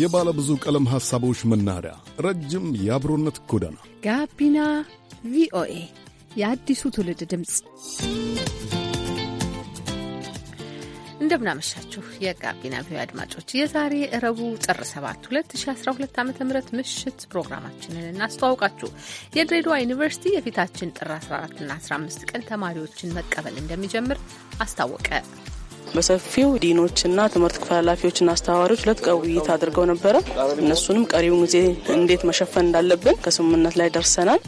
የባለ ብዙ ቀለም ሐሳቦች መናኸሪያ፣ ረጅም የአብሮነት ጎዳና፣ ጋቢና ቪኦኤ የአዲሱ ትውልድ ድምፅ። እንደምናመሻችሁ የጋቢና ቪኦኤ አድማጮች፣ የዛሬ እረቡ ጥር 7 2012 ዓ ም ምሽት ፕሮግራማችንን እናስተዋውቃችሁ። የድሬዳዋ ዩኒቨርሲቲ የፊታችን ጥር 14ና 15 ቀን ተማሪዎችን መቀበል እንደሚጀምር አስታወቀ። በሰፊው ዲኖችና ትምህርት ክፍል ኃላፊዎችና አስተባባሪዎች ሁለት ቀን ውይይት አድርገው ነበረ። እነሱንም ቀሪውን ጊዜ እንዴት መሸፈን እንዳለብን ከስምምነት ላይ ደርሰናል።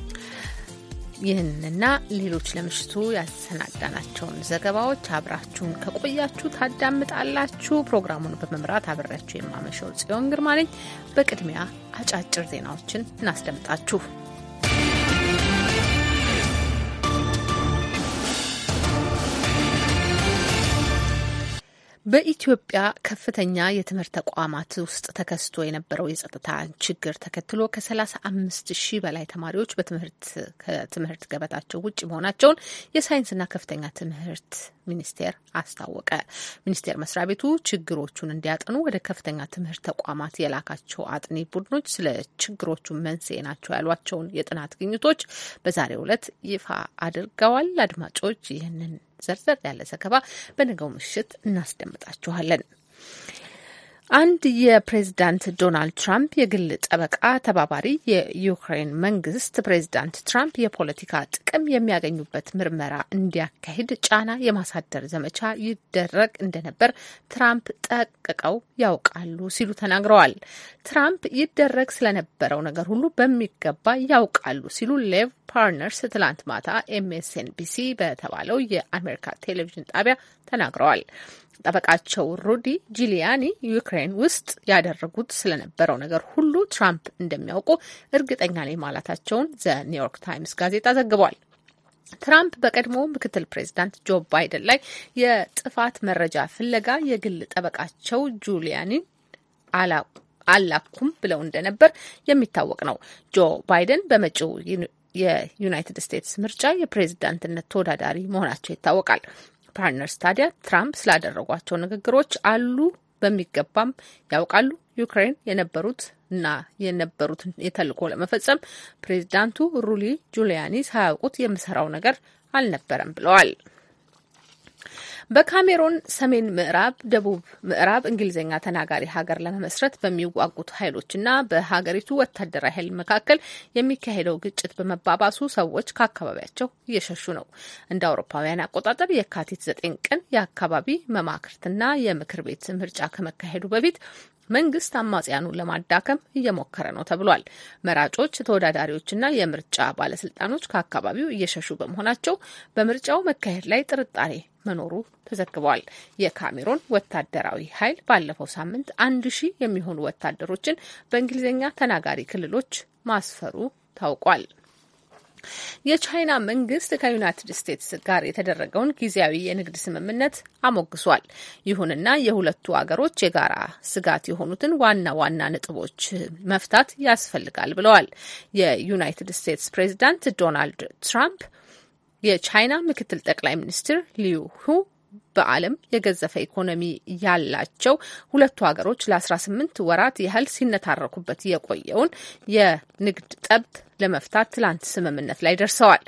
ይህንና ሌሎች ለምሽቱ ያሰናዳናቸውን ዘገባዎች አብራችሁን ከቆያችሁ ታዳምጣላችሁ። ፕሮግራሙን በመምራት አብሬያችሁ የማመሸው ጽዮን ግርማ ነኝ። በቅድሚያ አጫጭር ዜናዎችን እናስደምጣችሁ። በኢትዮጵያ ከፍተኛ የትምህርት ተቋማት ውስጥ ተከስቶ የነበረው የጸጥታ ችግር ተከትሎ ከ35 ሺህ በላይ ተማሪዎች በትምህርት ከትምህርት ገበታቸው ውጭ መሆናቸውን የሳይንስና ከፍተኛ ትምህርት ሚኒስቴር አስታወቀ። ሚኒስቴር መስሪያ ቤቱ ችግሮቹን እንዲያጠኑ ወደ ከፍተኛ ትምህርት ተቋማት የላካቸው አጥኒ ቡድኖች ስለ ችግሮቹ መንስኤ ናቸው ያሏቸውን የጥናት ግኝቶች በዛሬው ዕለት ይፋ አድርገዋል። አድማጮች ይህንን ዘርዘር ያለ ዘገባ በነገው ምሽት እናስደምጣችኋለን። አንድ የፕሬዝዳንት ዶናልድ ትራምፕ የግል ጠበቃ ተባባሪ የዩክሬን መንግስት ፕሬዝዳንት ትራምፕ የፖለቲካ ጥቅም የሚያገኙበት ምርመራ እንዲያካሂድ ጫና የማሳደር ዘመቻ ይደረግ እንደነበር ትራምፕ ጠቅቀው ያውቃሉ ሲሉ ተናግረዋል። ትራምፕ ይደረግ ስለነበረው ነገር ሁሉ በሚገባ ያውቃሉ ሲሉ ሌቭ ፓርነርስ ትላንት ማታ ኤምኤስኤንቢሲ በተባለው የአሜሪካ ቴሌቪዥን ጣቢያ ተናግረዋል። ጠበቃቸው ሩዲ ጂሊያኒ ዩክሬን ውስጥ ያደረጉት ስለነበረው ነገር ሁሉ ትራምፕ እንደሚያውቁ እርግጠኛ ነኝ ማለታቸውን ዘ ኒውዮርክ ታይምስ ጋዜጣ ዘግቧል። ትራምፕ በቀድሞ ምክትል ፕሬዚዳንት ጆ ባይደን ላይ የጥፋት መረጃ ፍለጋ የግል ጠበቃቸው ጁሊያኒን አላኩም ብለው እንደነበር የሚታወቅ ነው። ጆ ባይደን በመጪው የዩናይትድ ስቴትስ ምርጫ የፕሬዝዳንትነት ተወዳዳሪ መሆናቸው ይታወቃል። ፓርትነርስ ታዲያ ትራምፕ ስላደረጓቸው ንግግሮች አሉ በሚገባም ያውቃሉ። ዩክሬን የነበሩት እና የነበሩት የተልዕኮ ለመፈጸም ፕሬዚዳንቱ ሩሊ ጁሊያኒ ሳያውቁት የምሰራው ነገር አልነበረም ብለዋል። በካሜሮን ሰሜን ምዕራብ፣ ደቡብ ምዕራብ እንግሊዝኛ ተናጋሪ ሀገር ለመመስረት በሚዋጉት ኃይሎችና በሀገሪቱ ወታደራዊ ኃይል መካከል የሚካሄደው ግጭት በመባባሱ ሰዎች ከአካባቢያቸው እየሸሹ ነው። እንደ አውሮፓውያን አቆጣጠር የካቲት ዘጠኝ ቀን የአካባቢ መማክርትና የምክር ቤት ምርጫ ከመካሄዱ በፊት መንግስት አማጽያኑን ለማዳከም እየሞከረ ነው ተብሏል። መራጮች፣ ተወዳዳሪዎችና የምርጫ ባለስልጣኖች ከአካባቢው እየሸሹ በመሆናቸው በምርጫው መካሄድ ላይ ጥርጣሬ መኖሩ ተዘግቧል። የካሜሮን ወታደራዊ ኃይል ባለፈው ሳምንት አንድ ሺህ የሚሆኑ ወታደሮችን በእንግሊዝኛ ተናጋሪ ክልሎች ማስፈሩ ታውቋል። የቻይና መንግስት ከዩናይትድ ስቴትስ ጋር የተደረገውን ጊዜያዊ የንግድ ስምምነት አሞግሷል። ይሁንና የሁለቱ አገሮች የጋራ ስጋት የሆኑትን ዋና ዋና ነጥቦች መፍታት ያስፈልጋል ብለዋል። የዩናይትድ ስቴትስ ፕሬዚዳንት ዶናልድ ትራምፕ የቻይና ምክትል ጠቅላይ ሚኒስትር ሊዩ ሁ በዓለም የገዘፈ ኢኮኖሚ ያላቸው ሁለቱ ሀገሮች ለ18 ወራት ያህል ሲነታረኩበት የቆየውን የንግድ ጠብ ለመፍታት ትላንት ስምምነት ላይ ደርሰዋል።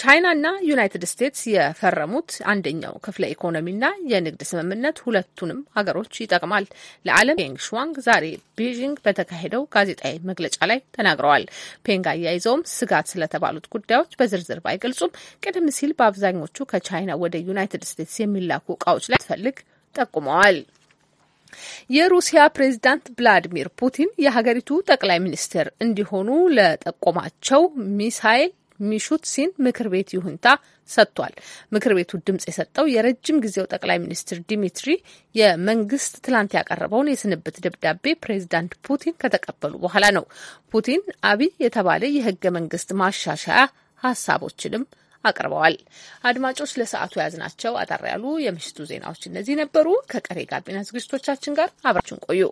ቻይናና ዩናይትድ ስቴትስ የፈረሙት አንደኛው ክፍለ ኢኮኖሚና የንግድ ስምምነት ሁለቱንም ሀገሮች ይጠቅማል ለዓለም ፔንግ ሽዋንግ ዛሬ ቤዥንግ በተካሄደው ጋዜጣዊ መግለጫ ላይ ተናግረዋል። ፔንግ አያይዘውም ስጋት ስለተባሉት ጉዳዮች በዝርዝር ባይገልጹም ቀደም ሲል በአብዛኞቹ ከቻይና ወደ ዩናይትድ ስቴትስ የሚላኩ እቃዎች ላይ ትፈልግ ጠቁመዋል። የሩሲያ ፕሬዚዳንት ቭላዲሚር ፑቲን የሀገሪቱ ጠቅላይ ሚኒስትር እንዲሆኑ ለጠቆማቸው ሚሳይል ሚሹት ሲን ምክር ቤት ይሁንታ ሰጥቷል። ምክር ቤቱ ድምጽ የሰጠው የረጅም ጊዜው ጠቅላይ ሚኒስትር ዲሚትሪ የመንግስት ትላንት ያቀረበውን የስንብት ደብዳቤ ፕሬዚዳንት ፑቲን ከተቀበሉ በኋላ ነው። ፑቲን አብይ የተባለ የህገ መንግስት ማሻሻያ ሀሳቦችንም አቅርበዋል። አድማጮች ለሰዓቱ የያዝናቸው አጠር ያሉ የምሽቱ ዜናዎች እነዚህ ነበሩ። ከቀሪ ጋቢና ዝግጅቶቻችን ጋር አብራችን ቆዩ።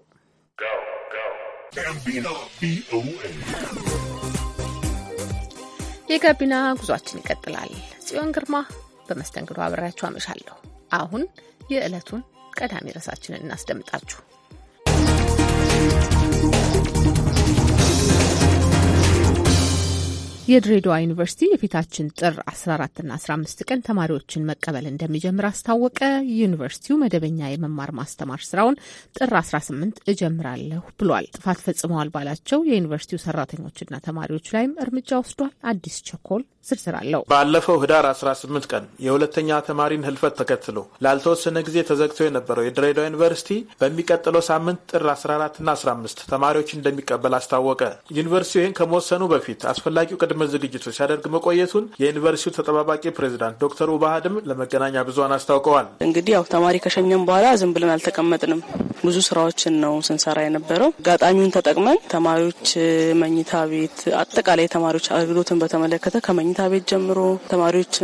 የጋቢና ጉዟችን ይቀጥላል። ጽዮን ግርማ በመስተንግዶ አብሬያችሁ አመሻለሁ። አሁን የዕለቱን ቀዳሚ ርዕሳችንን እናስደምጣችሁ። የድሬዳዋ ዩኒቨርሲቲ የፊታችን ጥር 14ና 15 ቀን ተማሪዎችን መቀበል እንደሚጀምር አስታወቀ። ዩኒቨርሲቲው መደበኛ የመማር ማስተማር ስራውን ጥር 18 እጀምራለሁ ብሏል። ጥፋት ፈጽመዋል ባላቸው የዩኒቨርሲቲው ሰራተኞችና ተማሪዎች ላይም እርምጃ ወስዷል። አዲስ ቸኮል ዝርዝር አለው። ባለፈው ህዳር 18 ቀን የሁለተኛ ተማሪን ህልፈት ተከትሎ ላልተወሰነ ጊዜ ተዘግቶ የነበረው የድሬዳዋ ዩኒቨርሲቲ በሚቀጥለው ሳምንት ጥር 14ና 15 ተማሪዎች እንደሚቀበል አስታወቀ። ዩኒቨርሲቲው ይህን ከመወሰኑ በፊት አስፈላጊው ቅድመ ዝግጅቶች ሲያደርግ መቆየቱን የዩኒቨርሲቲው ተጠባባቂ ፕሬዚዳንት ዶክተር ኡባሃድም ለመገናኛ ብዙኃን አስታውቀዋል። እንግዲህ ያው ተማሪ ከሸኘም በኋላ ዝም ብለን አልተቀመጥንም። ብዙ ስራዎችን ነው ስንሰራ የነበረው። አጋጣሚውን ተጠቅመን ተማሪዎች መኝታ ቤት፣ አጠቃላይ የተማሪዎች አገልግሎትን በተመለከተ ከመኝታ ቤት ጀምሮ ተማሪዎች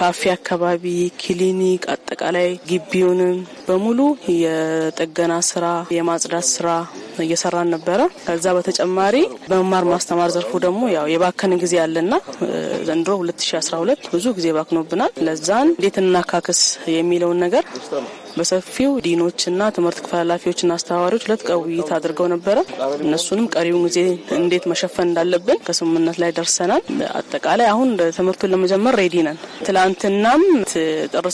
ካፌ አካባቢ፣ ክሊኒክ፣ አጠቃላይ ግቢውንም በሙሉ የጥገና ስራ የማጽዳት ስራ ነው እየሰራን ነበረ። ከዛ በተጨማሪ በመማር ማስተማር ዘርፉ ደግሞ ያው የባከን ጊዜ አለና ዘንድሮ 2012 ብዙ ጊዜ ባክኖብናል። ለዛን እንዴት እናካክስ የሚለውን ነገር በሰፊው ዲኖችና ትምህርት ክፍል ኃላፊዎችና አስተባባሪዎች ሁለት ቀን ውይይት አድርገው ነበረ። እነሱንም ቀሪውን ጊዜ እንዴት መሸፈን እንዳለብን ከስምምነት ላይ ደርሰናል። አጠቃላይ አሁን ትምህርቱን ለመጀመር ሬዲ ነን። ትላንትናም ጥር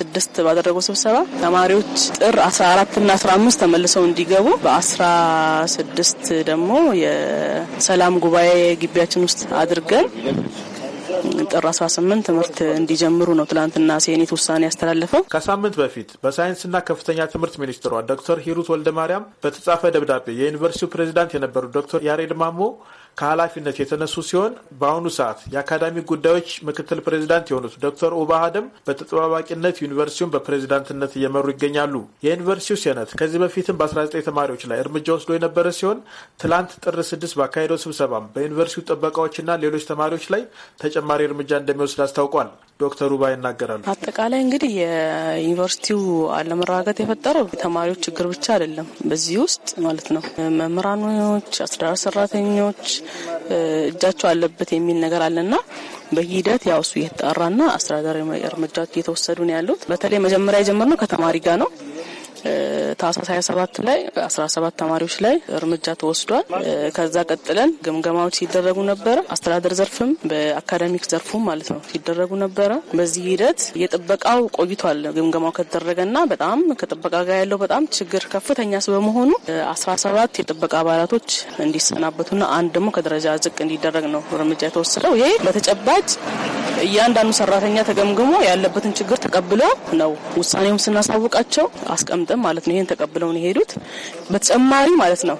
ስድስት ባደረገው ስብሰባ ተማሪዎች ጥር አስራ ና አስራ አምስት ተመልሰው እንዲገቡ በአስራ ስድስት ደግሞ የሰላም ጉባኤ ግቢያችን ውስጥ አድርገን ጥር 18 ትምህርት እንዲጀምሩ ነው ትላንትና ሴኔት ውሳኔ ያስተላለፈው። ከሳምንት በፊት በሳይንስና ከፍተኛ ትምህርት ሚኒስትሯ ዶክተር ሂሩት ወልደማርያም በተጻፈ ደብዳቤ የዩኒቨርሲቲው ፕሬዚዳንት የነበሩት ዶክተር ያሬድ ማሞ ከኃላፊነት የተነሱ ሲሆን በአሁኑ ሰዓት የአካዳሚ ጉዳዮች ምክትል ፕሬዚዳንት የሆኑት ዶክተር ኡባ ሀደም በተጠባባቂነት ዩኒቨርሲቲውን በፕሬዚዳንትነት እየመሩ ይገኛሉ። የዩኒቨርሲቲው ሴነት ከዚህ በፊትም በ19 ተማሪዎች ላይ እርምጃ ወስዶ የነበረ ሲሆን ትላንት ጥር ስድስት ባካሄደው ስብሰባም በዩኒቨርሲቲው ጥበቃዎችና ሌሎች ተማሪዎች ላይ ተጨማሪ እርምጃ እንደሚወስድ አስታውቋል። ዶክተር ኡባ ይናገራሉ። አጠቃላይ እንግዲህ የዩኒቨርሲቲው አለመረጋጋት የፈጠረው የተማሪዎች ችግር ብቻ አይደለም። በዚህ ውስጥ ማለት ነው መምህራኖች፣ አስተዳደር ሰራተኞች እጃቸው አለበት የሚል ነገር አለና በሂደት ያው እሱ እየተጣራና አስተዳደራዊ እርምጃዎች እየተወሰዱ ነው ያሉት። በተለይ መጀመሪያ የጀመርነው ከተማሪ ጋር ነው። ታህሳስ 27 ላይ 17 ተማሪዎች ላይ እርምጃ ተወስዷል። ከዛ ቀጥለን ግምገማዎች ሲደረጉ ነበረ። አስተዳደር ዘርፍም በአካዳሚክ ዘርፉም ማለት ነው ሲደረጉ ነበረ። በዚህ ሂደት የጥበቃው ቆይቷል። ግምገማው ከተደረገና በጣም ከጥበቃ ጋር ያለው በጣም ችግር ከፍተኛ በመሆኑ 17 የጥበቃ አባላቶች እንዲሰናበቱና አንድ ደግሞ ከደረጃ ዝቅ እንዲደረግ ነው እርምጃ የተወሰደው። ይሄ በተጨባጭ እያንዳንዱ ሰራተኛ ተገምግሞ ያለበትን ችግር ተቀብሎ ነው ውሳኔውም ስናሳውቃቸው አስቀምጥም ማለት ነው ተቀብለው ነው የሄዱት። በተጨማሪ ማለት ነው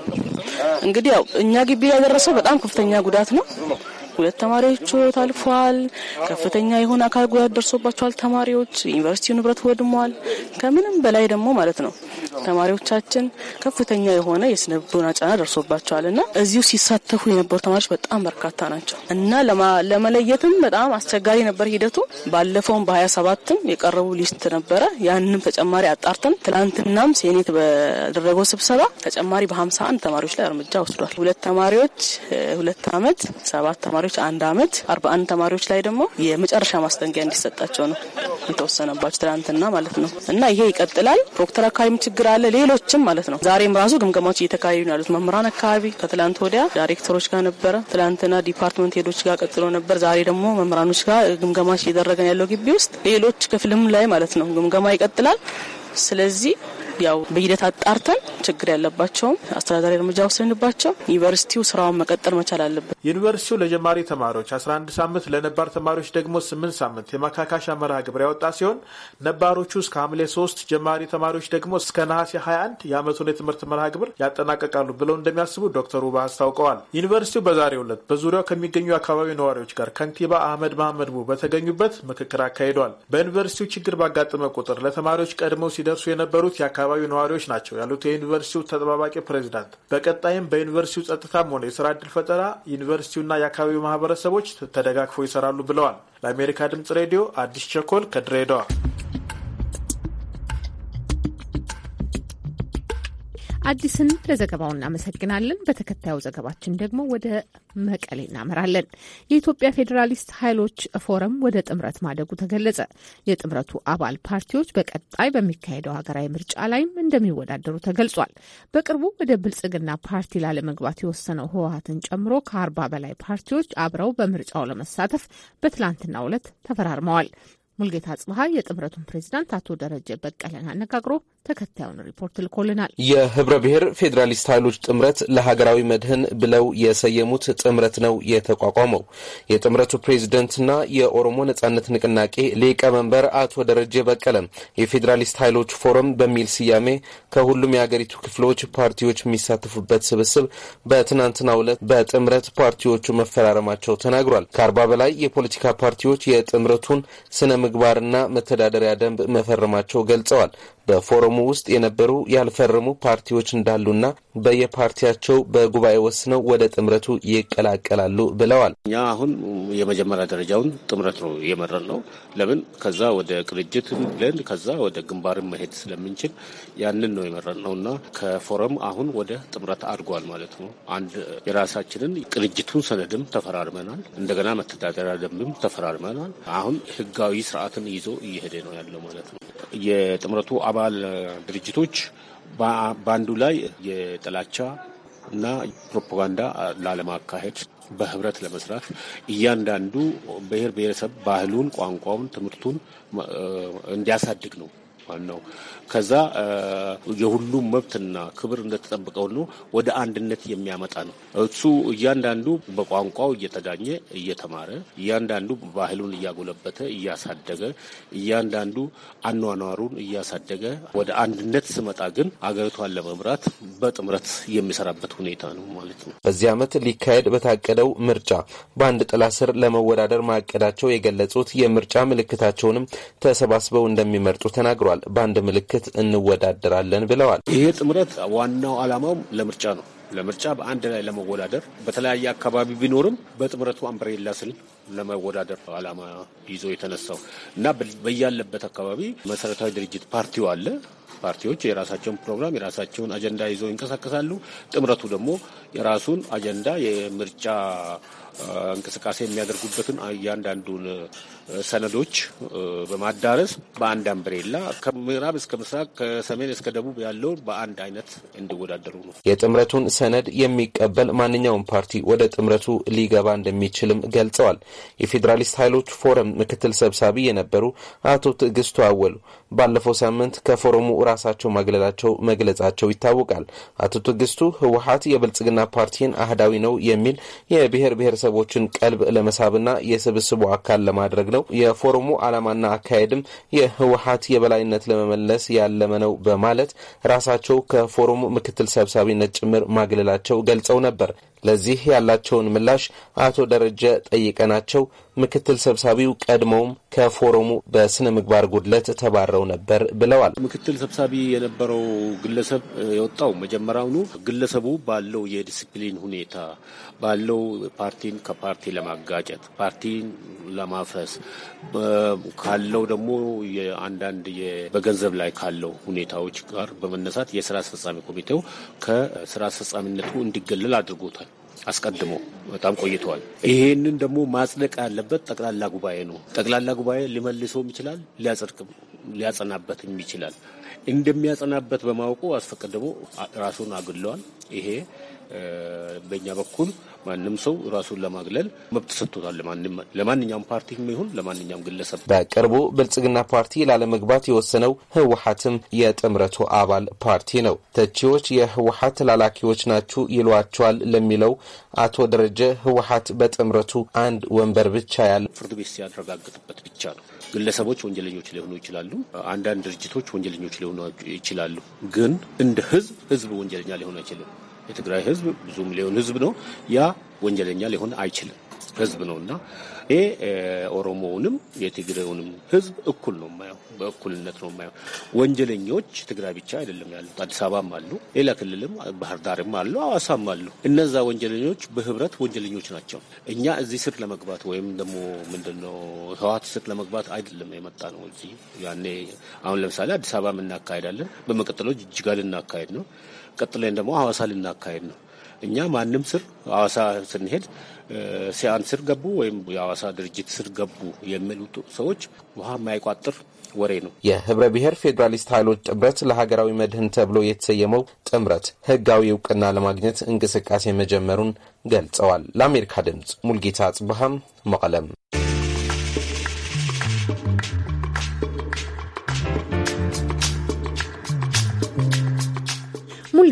እንግዲህ ያው እኛ ግቢ ያደረሰው በጣም ከፍተኛ ጉዳት ነው። ሁለት ተማሪዎች ሕይወት አልፏል። ከፍተኛ የሆነ አካል ጉዳት ደርሶባቸዋል ተማሪዎች። ዩኒቨርሲቲው ንብረት ወድሟል። ከምንም በላይ ደግሞ ማለት ነው ተማሪዎቻችን ከፍተኛ የሆነ የስነ ልቦና ጫና ደርሶባቸዋል እና እዚሁ ሲሳተፉ የነበሩ ተማሪዎች በጣም በርካታ ናቸው እና ለመለየትም በጣም አስቸጋሪ ነበር ሂደቱ። ባለፈውም በሀያ ሰባትም የቀረቡ ሊስት ነበረ። ያንም ተጨማሪ አጣርተን ትናንትናም ሴኔት በደረገው ስብሰባ ተጨማሪ በሀምሳ አንድ ተማሪዎች ላይ እርምጃ ወስዷል። ሁለት ተማሪዎች ሁለት አመት ሰባት ተማሪዎች ተማሪዎች አንድ አመት፣ አርባ አንድ ተማሪዎች ላይ ደግሞ የመጨረሻ ማስጠንቀቂያ እንዲሰጣቸው ነው የተወሰነባቸው ትናንትና ማለት ነው። እና ይሄ ይቀጥላል። ፕሮክተር አካባቢም ችግር አለ፣ ሌሎችም ማለት ነው። ዛሬም ራሱ ግምገማዎች እየተካሄዱ ነው ያሉት መምህራን አካባቢ ከትላንት ወዲያ ዳይሬክተሮች ጋር ነበረ፣ ትላንትና ዲፓርትመንት ሄዶች ጋር ቀጥሎ ነበር። ዛሬ ደግሞ መምህራኖች ጋር ግምገማች እየደረገ ያለው ግቢ ውስጥ ሌሎች ክፍልም ላይ ማለት ነው ግምገማ ይቀጥላል። ስለዚህ ያው በሂደት አጣርተን ችግር ያለባቸውም አስተዳዳሪ እርምጃ ወስንባቸው ዩኒቨርሲቲው ስራውን መቀጠል መቻል አለበት። ዩኒቨርሲቲው ለጀማሪ ተማሪዎች 11 ሳምንት ለነባር ተማሪዎች ደግሞ 8 ሳምንት የማካካሻ መርሃ ግብር ያወጣ ሲሆን ነባሮቹ እስከ ሐምሌ 3 ጀማሪ ተማሪዎች ደግሞ እስከ ነሐሴ 21 የአመቱን የትምህርት መርሃ ግብር ያጠናቀቃሉ ብለው እንደሚያስቡ ዶክተር ውባ አስታውቀዋል። ዩኒቨርሲቲው በዛሬው ዕለት በዙሪያው ከሚገኙ የአካባቢ ነዋሪዎች ጋር ከንቲባ አህመድ መሀመድ ቡ በተገኙበት ምክክር አካሂዷል። በዩኒቨርሲቲው ችግር ባጋጠመ ቁጥር ለተማሪዎች ቀድመው ሲደርሱ የነበሩት የአካባቢ የአካባቢው ነዋሪዎች ናቸው ያሉት የዩኒቨርሲቲው ተጠባባቂ ፕሬዚዳንት፣ በቀጣይም በዩኒቨርሲቲው ጸጥታም ሆነ የስራ እድል ፈጠራ ዩኒቨርሲቲውና የአካባቢው ማህበረሰቦች ተደጋግፈው ይሰራሉ ብለዋል። ለአሜሪካ ድምጽ ሬዲዮ አዲስ ቸኮል ከድሬዳዋ አዲስን ለዘገባው እናመሰግናለን። በተከታዩ ዘገባችን ደግሞ ወደ መቀሌ እናመራለን። የኢትዮጵያ ፌዴራሊስት ኃይሎች ፎረም ወደ ጥምረት ማደጉ ተገለጸ። የጥምረቱ አባል ፓርቲዎች በቀጣይ በሚካሄደው ሀገራዊ ምርጫ ላይም እንደሚወዳደሩ ተገልጿል። በቅርቡ ወደ ብልጽግና ፓርቲ ላለመግባት የወሰነው ህወሀትን ጨምሮ ከአርባ በላይ ፓርቲዎች አብረው በምርጫው ለመሳተፍ በትላንትናው ዕለት ተፈራርመዋል። ሙልጌታ ጽብሀ የጥምረቱን ፕሬዚዳንት አቶ ደረጀ በቀለን አነጋግሮ ተከታዩን ሪፖርት ልኮልናል። የህብረ ብሔር ፌዴራሊስት ኃይሎች ጥምረት ለሀገራዊ መድህን ብለው የሰየሙት ጥምረት ነው የተቋቋመው። የጥምረቱ ፕሬዚደንትና የኦሮሞ ነጻነት ንቅናቄ ሊቀመንበር አቶ ደረጀ በቀለ የፌዴራሊስት ኃይሎች ፎረም በሚል ስያሜ ከሁሉም የሀገሪቱ ክፍሎች ፓርቲዎች የሚሳተፉበት ስብስብ በትናንትናው ዕለት በጥምረት ፓርቲዎቹ መፈራረማቸው ተናግሯል። ከአርባ በላይ የፖለቲካ ፓርቲዎች የጥምረቱን ስነ ምግባርና መተዳደሪያ ደንብ መፈረማቸው ገልጸዋል። በፎረሙ ውስጥ የነበሩ ያልፈረሙ ፓርቲዎች እንዳሉና በየፓርቲያቸው በጉባኤ ወስነው ወደ ጥምረቱ ይቀላቀላሉ ብለዋል። እኛ አሁን የመጀመሪያ ደረጃውን ጥምረት ነው የመረን ነው። ለምን ከዛ ወደ ቅንጅት ብለን ከዛ ወደ ግንባርን መሄድ ስለምንችል ያንን ነው የመረን ነው እና ከፎረም አሁን ወደ ጥምረት አድጓል ማለት ነው። አንድ የራሳችንን ቅንጅቱን ሰነድም ተፈራርመናል። እንደገና መተዳደሪያ ደንብም ተፈራርመናል። አሁን ህጋዊ ስርዓትን ይዞ እየሄደ ነው ያለው ማለት ነው። የጥምረቱ አባል ድርጅቶች በአንዱ ላይ የጥላቻ እና ፕሮፓጋንዳ ላለማካሄድ በህብረት ለመስራት እያንዳንዱ ብሔር ብሔረሰብ ባህሉን፣ ቋንቋውን፣ ትምህርቱን እንዲያሳድግ ነው ዋናው ከዛ የሁሉም መብትና ክብር እንደተጠበቀ ነው ወደ አንድነት የሚያመጣ ነው። እሱ እያንዳንዱ በቋንቋው እየተዳኘ እየተማረ እያንዳንዱ ባህሉን እያጎለበተ እያሳደገ እያንዳንዱ አኗኗሩን እያሳደገ ወደ አንድነት ስመጣ ግን አገሪቷን ለመምራት በጥምረት የሚሰራበት ሁኔታ ነው ማለት ነው። በዚህ ዓመት ሊካሄድ በታቀደው ምርጫ በአንድ ጥላ ስር ለመወዳደር ማቀዳቸው የገለጹት የምርጫ ምልክታቸውንም ተሰባስበው እንደሚመርጡ ተናግሯል። በአንድ ምልክት እንወዳደራለን ብለዋል። ይህ ጥምረት ዋናው ዓላማውም ለምርጫ ነው። ለምርጫ በአንድ ላይ ለመወዳደር በተለያየ አካባቢ ቢኖርም በጥምረቱ አምብሬላ ስር ለመወዳደር አላማ ይዞ የተነሳው እና በያለበት አካባቢ መሰረታዊ ድርጅት ፓርቲው አለ። ፓርቲዎች የራሳቸውን ፕሮግራም የራሳቸውን አጀንዳ ይዘው ይንቀሳቀሳሉ። ጥምረቱ ደግሞ የራሱን አጀንዳ የምርጫ እንቅስቃሴ የሚያደርጉበትን እያንዳንዱን ሰነዶች በማዳረስ በአንድ አምብሬላ ከምዕራብ እስከ ምስራቅ ከሰሜን እስከ ደቡብ ያለውን በአንድ አይነት እንዲወዳደሩ ነው። የጥምረቱን ሰነድ የሚቀበል ማንኛውም ፓርቲ ወደ ጥምረቱ ሊገባ እንደሚችልም ገልጸዋል። የፌዴራሊስት ኃይሎች ፎረም ምክትል ሰብሳቢ የነበሩ አቶ ትዕግስቱ አወሉ ባለፈው ሳምንት ከፎረሙ ራሳቸው ማግለላቸው መግለጻቸው ይታወቃል። አቶ ትግስቱ ህወሀት የብልጽግና ፓርቲን አህዳዊ ነው የሚል የብሔር ብሔረሰቦችን ቀልብ ለመሳብና የስብስቡ አካል ለማድረግ ነው። የፎረሙ ዓላማና አካሄድም የህወሀት የበላይነት ለመመለስ ያለመ ነው በማለት ራሳቸው ከፎረሙ ምክትል ሰብሳቢነት ጭምር ማግለላቸው ገልጸው ነበር። ለዚህ ያላቸውን ምላሽ አቶ ደረጀ ጠይቀናቸው ምክትል ሰብሳቢው ቀድመውም ከፎረሙ በስነ ምግባር ጉድለት ተባረው ተይዘው ነበር ብለዋል። ምክትል ሰብሳቢ የነበረው ግለሰብ የወጣው መጀመሪያውኑ ግለሰቡ ባለው የዲስፕሊን ሁኔታ ባለው ፓርቲን ከፓርቲ ለማጋጨት ፓርቲን ለማፈስ ካለው ደግሞ አንዳንድ በገንዘብ ላይ ካለው ሁኔታዎች ጋር በመነሳት የስራ አስፈጻሚ ኮሚቴው ከስራ አስፈጻሚነቱ እንዲገለል አድርጎታል። አስቀድሞ በጣም ቆይተዋል። ይሄንን ደግሞ ማጽደቅ ያለበት ጠቅላላ ጉባኤ ነው። ጠቅላላ ጉባኤ ሊመልሰውም ይችላል፣ ሊያጸድቅም ሊያጸናበትም ይችላል። እንደሚያጸናበት በማወቁ አስፈቅድሞ ራሱን አግለዋል። ይሄ በእኛ በኩል ማንም ሰው ራሱን ለማግለል መብት ሰጥቶታል። ለማንኛውም ፓርቲ ይሁን ለማንኛውም ግለሰብ። በቅርቡ ብልጽግና ፓርቲ ላለመግባት የወሰነው ህወሀትም የጥምረቱ አባል ፓርቲ ነው። ተቺዎች የህወሀት ላላኪዎች ናችሁ ይሏቸዋል ለሚለው አቶ ደረጀ ህወሀት በጥምረቱ አንድ ወንበር ብቻ ያለ ፍርድ ቤት ሲያረጋግጥበት ብቻ ነው። ግለሰቦች ወንጀለኞች ሊሆኑ ይችላሉ። አንዳንድ ድርጅቶች ወንጀለኞች ሊሆኑ ይችላሉ። ግን እንደ ህዝብ ህዝብ ወንጀለኛ ሊሆን አይችልም። የትግራይ ህዝብ ብዙ ሚሊዮን ህዝብ ነው። ያ ወንጀለኛ ሊሆን አይችልም። ህዝብ ነው እና ይሄ ኦሮሞውንም የትግራዩንም ህዝብ እኩል ነው የማየው፣ በእኩልነት ነው የማየው። ወንጀለኞች ትግራይ ብቻ አይደለም ያሉት፣ አዲስ አበባም አሉ፣ ሌላ ክልልም ባህር ዳርም አሉ፣ አዋሳም አሉ። እነዛ ወንጀለኞች በህብረት ወንጀለኞች ናቸው። እኛ እዚህ ስር ለመግባት ወይም ደግሞ ምንድነው ህዋት ስር ለመግባት አይደለም የመጣ ነው። እዚህ ያኔ አሁን ለምሳሌ አዲስ አበባ እናካሄዳለን፣ በመቀጠሎች እጅጋል ልናካሄድ ነው ቀጥለን ደግሞ ሐዋሳ ልናካሄድ ነው። እኛ ማንም ስር ሀዋሳ ስንሄድ ሲያን ስር ገቡ ወይም የሀዋሳ ድርጅት ስር ገቡ የሚሉት ሰዎች ውሃ የማይቋጥር ወሬ ነው። የህብረ ብሔር ፌዴራሊስት ኃይሎች ጥምረት ለሀገራዊ መድህን ተብሎ የተሰየመው ጥምረት ህጋዊ እውቅና ለማግኘት እንቅስቃሴ መጀመሩን ገልጸዋል። ለአሜሪካ ድምፅ ሙልጌታ አጽብሃም መቀለም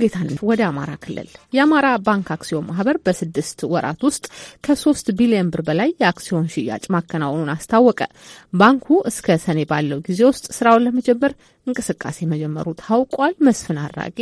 ሙልጌታ ወደ አማራ ክልል የአማራ ባንክ አክሲዮን ማህበር በስድስት ወራት ውስጥ ከሶስት ቢሊዮን ብር በላይ የአክሲዮን ሽያጭ ማከናወኑን አስታወቀ። ባንኩ እስከ ሰኔ ባለው ጊዜ ውስጥ ስራውን ለመጀመር እንቅስቃሴ መጀመሩ ታውቋል። መስፍን አራጌ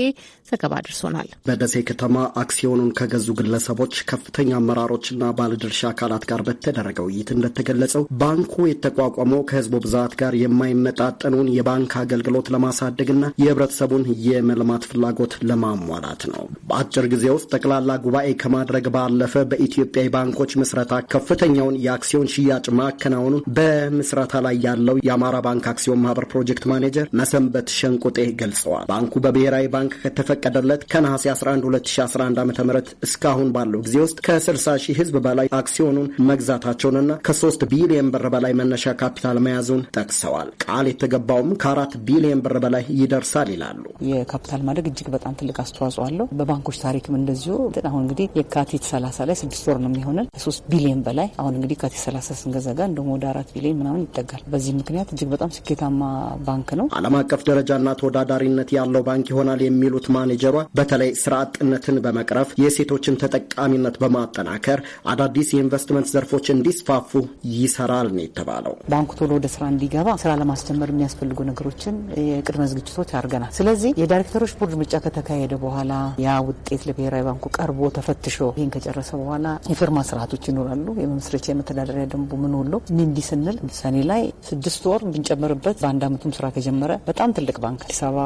ዘገባ አድርሶናል። በደሴ ከተማ አክሲዮኑን ከገዙ ግለሰቦች ከፍተኛ አመራሮችና ባለድርሻ አካላት ጋር በተደረገ ውይይት እንደተገለጸው ባንኩ የተቋቋመው ከህዝቡ ብዛት ጋር የማይመጣጠኑን የባንክ አገልግሎት ለማሳደግና የህብረተሰቡን የመልማት ፍላጎት ለማሟላት ነው። በአጭር ጊዜ ውስጥ ጠቅላላ ጉባኤ ከማድረግ ባለፈ በኢትዮጵያ የባንኮች ምስረታ ከፍተኛውን የአክሲዮን ሽያጭ ማከናወኑን በምስረታ ላይ ያለው የአማራ ባንክ አክሲዮን ማህበር ፕሮጀክት ማኔጀር መሰ ሰንበት ሸንቁጤ ገልጸዋል። ባንኩ በብሔራዊ ባንክ ከተፈቀደለት ከነሐሴ 11 2011 ዓ ም እስካሁን ባለው ጊዜ ውስጥ ከ60 ሺህ ህዝብ በላይ አክሲዮኑን መግዛታቸውንና ከ3 ቢሊየን ብር በላይ መነሻ ካፒታል መያዙን ጠቅሰዋል። ቃል የተገባውም ከአራት ቢሊየን ብር በላይ ይደርሳል ይላሉ። የካፒታል ማደግ እጅግ በጣም ትልቅ አስተዋጽኦ አለው። በባንኮች ታሪክም እንደዚሁ አሁን እንግዲህ የካቲት 30 ላይ ስድስት ወር ነው የሚሆንን ከሶስት ቢሊየን በላይ አሁን እንግዲህ ካቲት 30 ስንገዘጋ እንደሞ ወደ አራት ቢሊየን ምናምን ይጠጋል። በዚህ ምክንያት እጅግ በጣም ስኬታማ ባንክ ነው። ዓለም አቀፍ ደረጃና ተወዳዳሪነት ያለው ባንክ ይሆናል የሚሉት ማኔጀሯ በተለይ ስራ አጥነትን በመቅረፍ የሴቶችን ተጠቃሚነት በማጠናከር አዳዲስ የኢንቨስትመንት ዘርፎች እንዲስፋፉ ይሰራል ነው የተባለው። ባንኩ ቶሎ ወደ ስራ እንዲገባ ስራ ለማስጀመር የሚያስፈልጉ ነገሮችን የቅድመ ዝግጅቶች አድርገናል። ስለዚህ የዳይሬክተሮች ቦርድ ምርጫ ከተካሄደ በኋላ ያ ውጤት ለብሔራዊ ባንኩ ቀርቦ ተፈትሾ ይህን ከጨረሰ በኋላ የፊርማ ስርዓቶች ይኖራሉ። የመመስረቻ የመተዳደሪያ ደንቡ ምን ሁሉ እንዲህ ስንል ሰኔ ላይ ስድስት ወር ብንጨምርበት በአንድ አመቱም ስራ ከጀመረ በጣም ትልቅ ባንክ አዲስ አበባ፣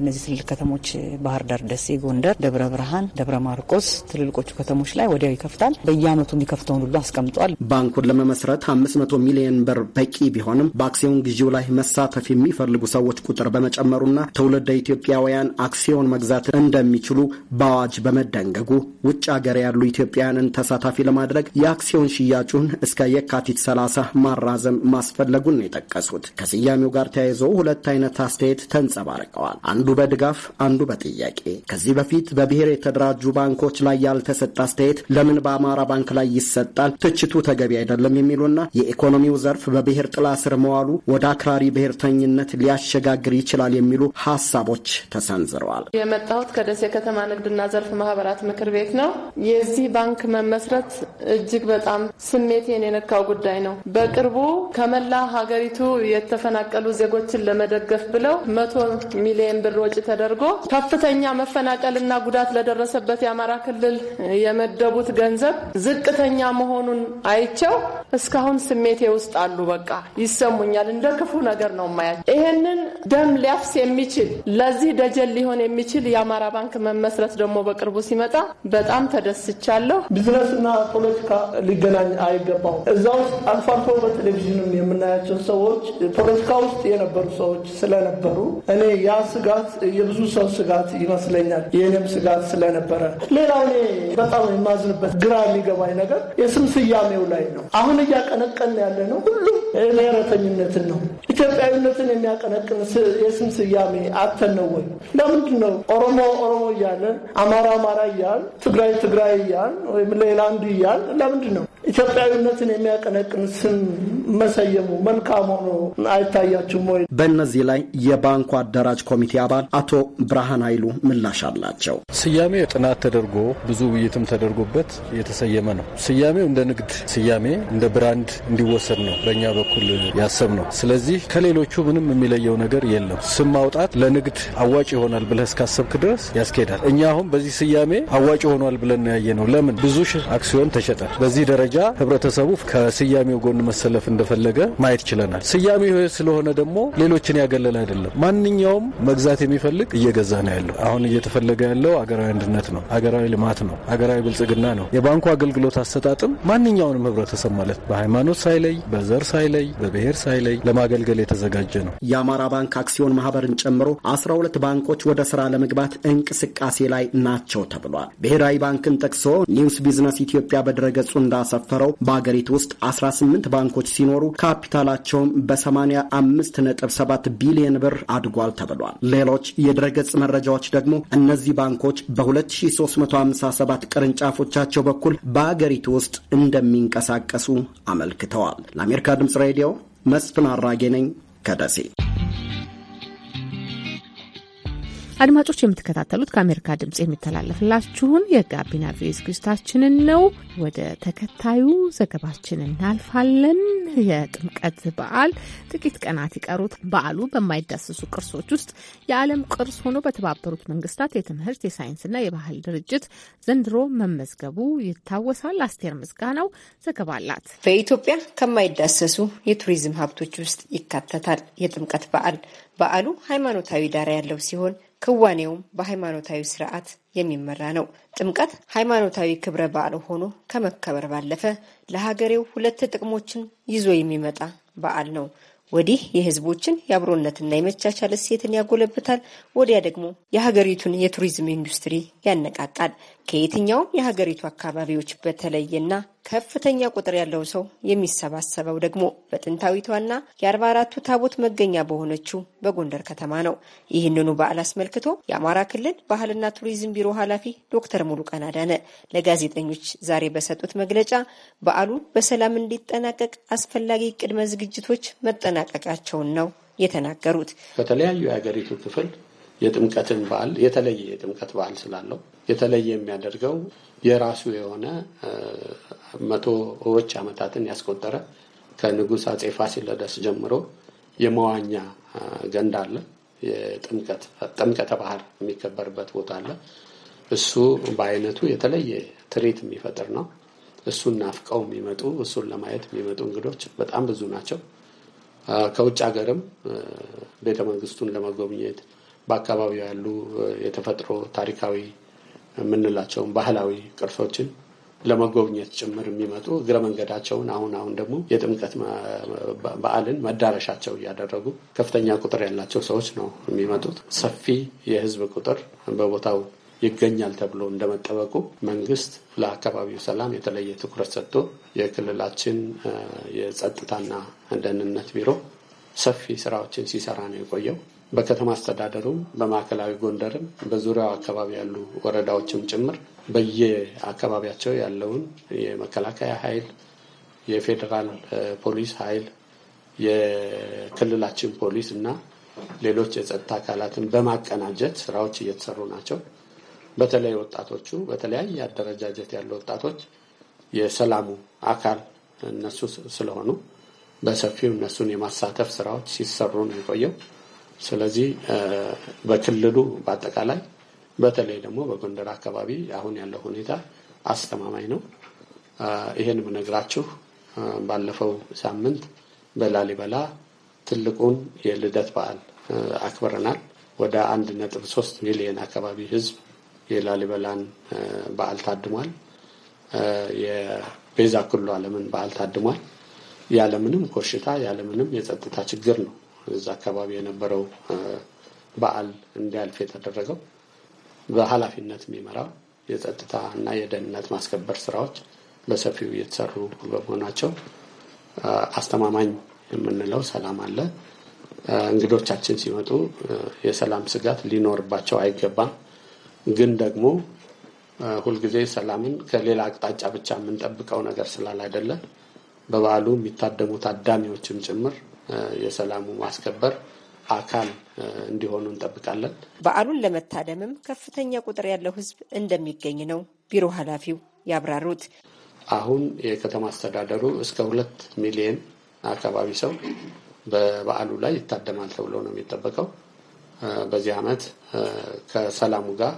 እነዚህ ትልልቅ ከተሞች ባህር ዳር፣ ደሴ፣ ጎንደር፣ ደብረ ብርሃን፣ ደብረ ማርቆስ ትልልቆቹ ከተሞች ላይ ወዲያው ይከፍታል። በየአመቱ የሚከፍተውን ሁሉ አስቀምጧል። ባንኩን ለመመስረት 500 ሚሊዮን ብር በቂ ቢሆንም በአክሲዮን ግዢው ላይ መሳተፍ የሚፈልጉ ሰዎች ቁጥር በመጨመሩና ትውልደ ኢትዮጵያውያን አክሲዮን መግዛት እንደሚችሉ በአዋጅ በመደንገጉ ውጭ ሀገር ያሉ ኢትዮጵያውያንን ተሳታፊ ለማድረግ የአክሲዮን ሽያጩን እስከ የካቲት 30 ማራዘም ማስፈለጉን ነው የጠቀሱት። ከስያሜው ጋር ተያይዞ ሁለት አይነት አይነት አስተያየት ተንጸባርቀዋል። አንዱ በድጋፍ አንዱ በጥያቄ። ከዚህ በፊት በብሔር የተደራጁ ባንኮች ላይ ያልተሰጠ አስተያየት ለምን በአማራ ባንክ ላይ ይሰጣል? ትችቱ ተገቢ አይደለም የሚሉና የኢኮኖሚው ዘርፍ በብሔር ጥላ ስር መዋሉ ወደ አክራሪ ብሔርተኝነት ሊያሸጋግር ይችላል የሚሉ ሀሳቦች ተሰንዝረዋል። የመጣሁት ከደሴ ከተማ ንግድና ዘርፍ ማህበራት ምክር ቤት ነው። የዚህ ባንክ መመስረት እጅግ በጣም ስሜቴን የነካው ጉዳይ ነው። በቅርቡ ከመላ ሀገሪቱ የተፈናቀሉ ዜጎችን ለመደገፍ ለመደገፍ ብለው መቶ ሚሊዮን ብር ወጪ ተደርጎ ከፍተኛ መፈናቀልና ጉዳት ለደረሰበት የአማራ ክልል የመደቡት ገንዘብ ዝቅተኛ መሆኑን አይቸው እስካሁን ስሜቴ ውስጥ አሉ። በቃ ይሰሙኛል። እንደ ክፉ ነገር ነው ማያቸው። ይህንን ደም ሊያፍስ የሚችል ለዚህ ደጀል ሊሆን የሚችል የአማራ ባንክ መመስረት ደግሞ በቅርቡ ሲመጣ በጣም ተደስቻለሁ። ቢዝነስና ፖለቲካ ሊገናኝ አይገባውም። እዛ ውስጥ አልፎ አልፎ በቴሌቪዥንም የምናያቸው ሰዎች ፖለቲካ ውስጥ የነበሩ ሰዎች ስለነበሩ እኔ ያ ስጋት የብዙ ሰው ስጋት ይመስለኛል። የእኔም ስጋት ስለነበረ፣ ሌላው እኔ በጣም የማዝንበት ግራ የሚገባኝ ነገር የስም ስያሜው ላይ ነው። አሁን እያቀነቀን ያለ ነው ሁሉም ብሔረተኝነትን ነው። ኢትዮጵያዊነትን የሚያቀነቅን የስም ስያሜ አተን ነው ወይ? ለምንድን ነው ኦሮሞ ኦሮሞ እያለን፣ አማራ አማራ እያል፣ ትግራይ ትግራይ እያል ወይም ሌላ አንዱ እያል ለምንድን ነው ኢትዮጵያዊነትን የሚያቀነቅን ስም መሰየሙ መልካም ሆኖ አይታያችሁም ወይ? በእነዚህ ላይ የባንኩ አደራጅ ኮሚቴ አባል አቶ ብርሃን ኃይሉ ምላሽ አላቸው። ስያሜ ጥናት ተደርጎ ብዙ ውይይትም ተደርጎበት የተሰየመ ነው። ስያሜው እንደ ንግድ ስያሜ እንደ ብራንድ እንዲወሰድ ነው በእኛ በኩል ያሰብ ነው። ስለዚህ ከሌሎቹ ምንም የሚለየው ነገር የለም። ስም ማውጣት ለንግድ አዋጭ ይሆናል ብለህ እስካሰብክ ድረስ ያስኬዳል። እኛ አሁን በዚህ ስያሜ አዋጭ ሆኗል ብለን ያየ ነው። ለምን ብዙ አክሲዮን ተሸጠ። በዚህ ደረጃ ደረጃ ህብረተሰቡ ከስያሜው ጎን መሰለፍ እንደፈለገ ማየት ችለናል። ስያሜው ስለሆነ ደግሞ ሌሎችን ያገለል አይደለም። ማንኛውም መግዛት የሚፈልግ እየገዛ ነው ያለው። አሁን እየተፈለገ ያለው አገራዊ አንድነት ነው፣ አገራዊ ልማት ነው፣ አገራዊ ብልጽግና ነው። የባንኩ አገልግሎት አሰጣጥም ማንኛውንም ህብረተሰብ ማለት በሃይማኖት ሳይለይ፣ በዘር ሳይለይ፣ በብሔር ሳይለይ ለማገልገል የተዘጋጀ ነው። የአማራ ባንክ አክሲዮን ማህበርን ጨምሮ 12 ባንኮች ወደ ስራ ለመግባት እንቅስቃሴ ላይ ናቸው ተብሏል። ብሔራዊ ባንክን ጠቅሶ ኒውስ ቢዝነስ ኢትዮጵያ በድረገጹ እንዳሰፈ የሚዳፈረው በአገሪቱ ውስጥ 18 ባንኮች ሲኖሩ ካፒታላቸውም በ85.7 ቢሊዮን ብር አድጓል ተብሏል። ሌሎች የድረገጽ መረጃዎች ደግሞ እነዚህ ባንኮች በ2357 ቅርንጫፎቻቸው በኩል በአገሪቱ ውስጥ እንደሚንቀሳቀሱ አመልክተዋል። ለአሜሪካ ድምፅ ሬዲዮ መስፍን አራጌ ነኝ ከደሴ። አድማጮች የምትከታተሉት ከአሜሪካ ድምፅ የሚተላለፍላችሁን የጋቢና ቪኦኤ ዝግጅታችንን ነው። ወደ ተከታዩ ዘገባችን እናልፋለን። የጥምቀት በዓል ጥቂት ቀናት ይቀሩት በዓሉ በማይዳሰሱ ቅርሶች ውስጥ የዓለም ቅርስ ሆኖ በተባበሩት መንግስታት የትምህርት የሳይንስና የባህል ድርጅት ዘንድሮ መመዝገቡ ይታወሳል። አስቴር ምስጋናው ዘገባ አላት። በኢትዮጵያ ከማይዳሰሱ የቱሪዝም ሀብቶች ውስጥ ይካተታል የጥምቀት በዓል። በዓሉ ሃይማኖታዊ ዳራ ያለው ሲሆን ክዋኔውም በሃይማኖታዊ ስርዓት የሚመራ ነው። ጥምቀት ሃይማኖታዊ ክብረ በዓል ሆኖ ከመከበር ባለፈ ለሀገሬው ሁለት ጥቅሞችን ይዞ የሚመጣ በዓል ነው። ወዲህ የህዝቦችን የአብሮነትና የመቻቻል እሴትን ያጎለብታል። ወዲያ ደግሞ የሀገሪቱን የቱሪዝም ኢንዱስትሪ ያነቃቃል። ከየትኛውም የሀገሪቱ አካባቢዎች በተለየና ከፍተኛ ቁጥር ያለው ሰው የሚሰባሰበው ደግሞ በጥንታዊቷና የአርባ አራቱ ታቦት መገኛ በሆነችው በጎንደር ከተማ ነው። ይህንኑ በዓል አስመልክቶ የአማራ ክልል ባህልና ቱሪዝም ቢሮ ኃላፊ ዶክተር ሙሉቀን አዳነ ለጋዜጠኞች ዛሬ በሰጡት መግለጫ በዓሉ በሰላም እንዲጠናቀቅ አስፈላጊ ቅድመ ዝግጅቶች መጠናቀቃቸውን ነው የተናገሩት። በተለያዩ የሀገሪቱ ክፍል የጥምቀትን በዓል የተለየ የጥምቀት በዓል ስላለው የተለየ የሚያደርገው የራሱ የሆነ መቶዎች ዓመታትን ያስቆጠረ ከንጉሥ አጼ ፋሲለደስ ጀምሮ የመዋኛ ገንዳ አለ። ጥምቀተ ባህር የሚከበርበት ቦታ አለ። እሱ በአይነቱ የተለየ ትርኢት የሚፈጥር ነው። እሱን ናፍቀው የሚመጡ እሱን ለማየት የሚመጡ እንግዶች በጣም ብዙ ናቸው። ከውጭ ሀገርም ቤተመንግስቱን ለመጎብኘት በአካባቢው ያሉ የተፈጥሮ ታሪካዊ የምንላቸውን ባህላዊ ቅርሶችን ለመጎብኘት ጭምር የሚመጡ እግረ መንገዳቸውን አሁን አሁን ደግሞ የጥምቀት በዓልን መዳረሻቸው እያደረጉ ከፍተኛ ቁጥር ያላቸው ሰዎች ነው የሚመጡት። ሰፊ የህዝብ ቁጥር በቦታው ይገኛል ተብሎ እንደመጠበቁ መንግስት ለአካባቢው ሰላም የተለየ ትኩረት ሰጥቶ የክልላችን የጸጥታና ደህንነት ቢሮ ሰፊ ስራዎችን ሲሰራ ነው የቆየው። በከተማ አስተዳደሩም በማዕከላዊ ጎንደርም በዙሪያው አካባቢ ያሉ ወረዳዎችም ጭምር በየአካባቢያቸው ያለውን የመከላከያ ኃይል፣ የፌዴራል ፖሊስ ኃይል፣ የክልላችን ፖሊስ እና ሌሎች የጸጥታ አካላትን በማቀናጀት ስራዎች እየተሰሩ ናቸው። በተለይ ወጣቶቹ በተለያየ አደረጃጀት ያሉ ወጣቶች የሰላሙ አካል እነሱ ስለሆኑ በሰፊው እነሱን የማሳተፍ ስራዎች ሲሰሩ ነው የቆየው። ስለዚህ በክልሉ በአጠቃላይ በተለይ ደግሞ በጎንደር አካባቢ አሁን ያለው ሁኔታ አስተማማኝ ነው። ይህን ብነግራችሁ ባለፈው ሳምንት በላሊበላ ትልቁን የልደት በዓል አክብረናል። ወደ አንድ ነጥብ ሶስት ሚሊዮን አካባቢ ህዝብ የላሊበላን በዓል ታድሟል። የቤዛ ኩሉ ዓለምን በዓል ታድሟል። ያለምንም ኮሽታ ያለምንም የጸጥታ ችግር ነው እዛ አካባቢ የነበረው በዓል እንዲያልፍ የተደረገው በኃላፊነት የሚመራ የጸጥታ እና የደህንነት ማስከበር ስራዎች በሰፊው እየተሰሩ በመሆናቸው አስተማማኝ የምንለው ሰላም አለ። እንግዶቻችን ሲመጡ የሰላም ስጋት ሊኖርባቸው አይገባም። ግን ደግሞ ሁልጊዜ ሰላምን ከሌላ አቅጣጫ ብቻ የምንጠብቀው ነገር ስላላይደለ በበዓሉ የሚታደሙ ታዳሚዎችም ጭምር የሰላሙ ማስከበር አካል እንዲሆኑ እንጠብቃለን። በዓሉን ለመታደምም ከፍተኛ ቁጥር ያለው ሕዝብ እንደሚገኝ ነው ቢሮ ኃላፊው ያብራሩት። አሁን የከተማ አስተዳደሩ እስከ ሁለት ሚሊየን አካባቢ ሰው በበዓሉ ላይ ይታደማል ተብሎ ነው የሚጠበቀው። በዚህ ዓመት ከሰላሙ ጋር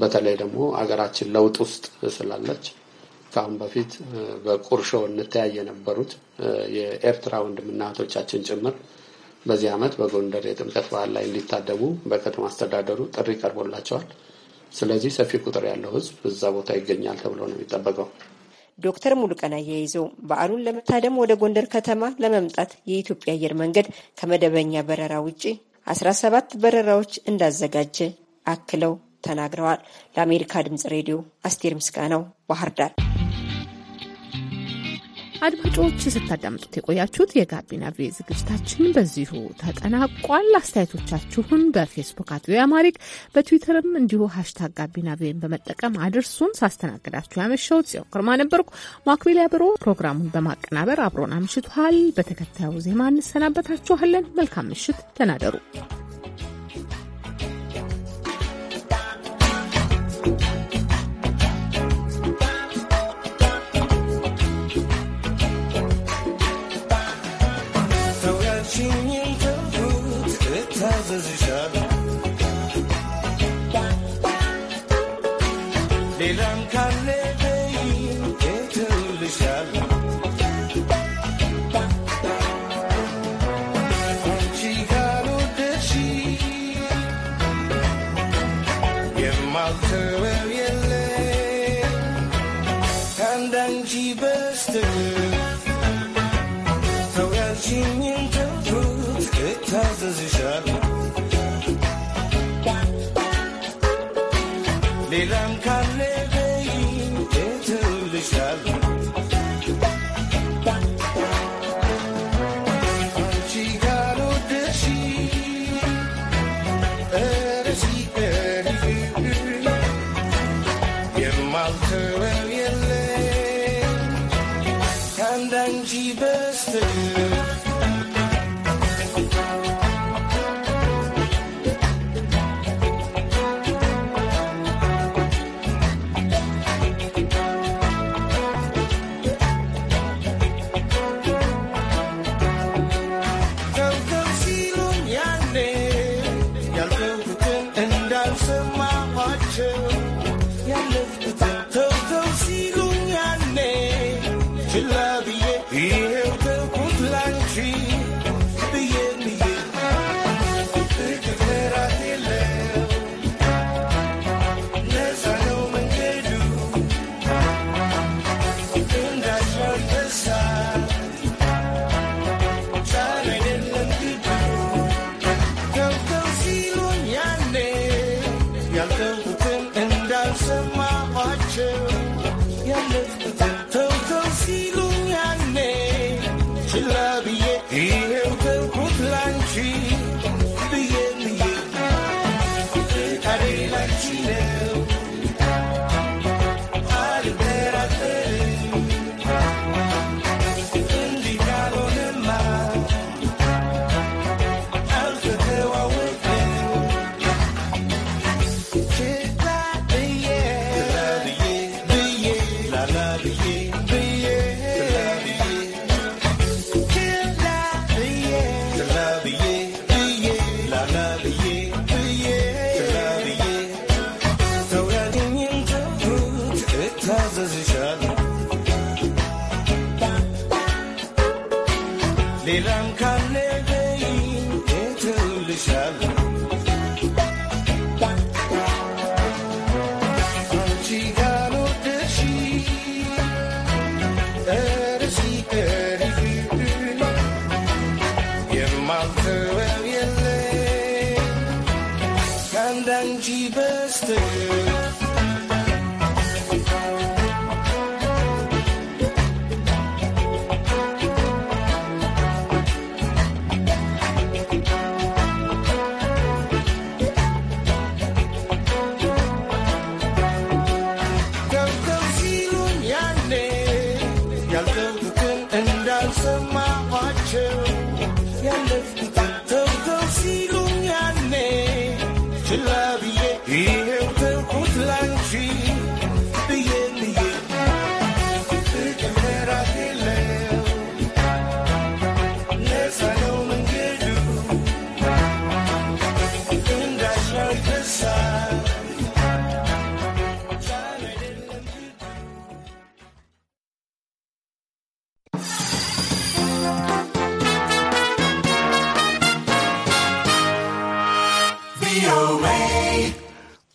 በተለይ ደግሞ አገራችን ለውጥ ውስጥ ስላለች ከአሁን በፊት በቁርሾ እንተያይ የነበሩት የኤርትራ ወንድምና እህቶቻችን ጭምር በዚህ ዓመት በጎንደር የጥምቀት በዓል ላይ እንዲታደሙ በከተማ አስተዳደሩ ጥሪ ቀርቦላቸዋል። ስለዚህ ሰፊ ቁጥር ያለው ሕዝብ እዛ ቦታ ይገኛል ተብሎ ነው የሚጠበቀው። ዶክተር ሙሉቀን አያይዘው በዓሉን ለመታደም ወደ ጎንደር ከተማ ለመምጣት የኢትዮጵያ አየር መንገድ ከመደበኛ በረራ ውጪ ሰባት በረራዎች እንዳዘጋጀ አክለው ተናግረዋል። ለአሜሪካ ድምጽ ሬዲዮ አስቴር ምስጋናው ባህር ዳር። አድማጮች ስታዳምጡት የቆያችሁት የጋቢና ቪ ዝግጅታችን በዚሁ ተጠናቋል። አስተያየቶቻችሁን በፌስቡክ አት ቪኦኤ አማሪክ በትዊተርም እንዲሁ ሀሽታግ ጋቢና ቪን በመጠቀም አድርሱን። ሳስተናግዳችሁ ያመሻውት ጽዮን ግርማ ነበርኩ። ማክቤል ያብሮ ፕሮግራሙን በማቀናበር አብሮን አምሽቷል። በተከታዩ ዜማ እንሰናበታችኋለን። መልካም ምሽት፣ ተናደሩ ሌላም ካለ በይኝ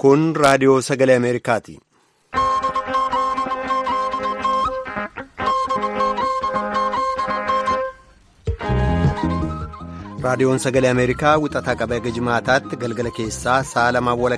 Kun raadiyoo sagalee Ameerikaati. raadiyoon sagalee ameerikaa wixataa qabee jimaataatti galgala keessaa saalamaa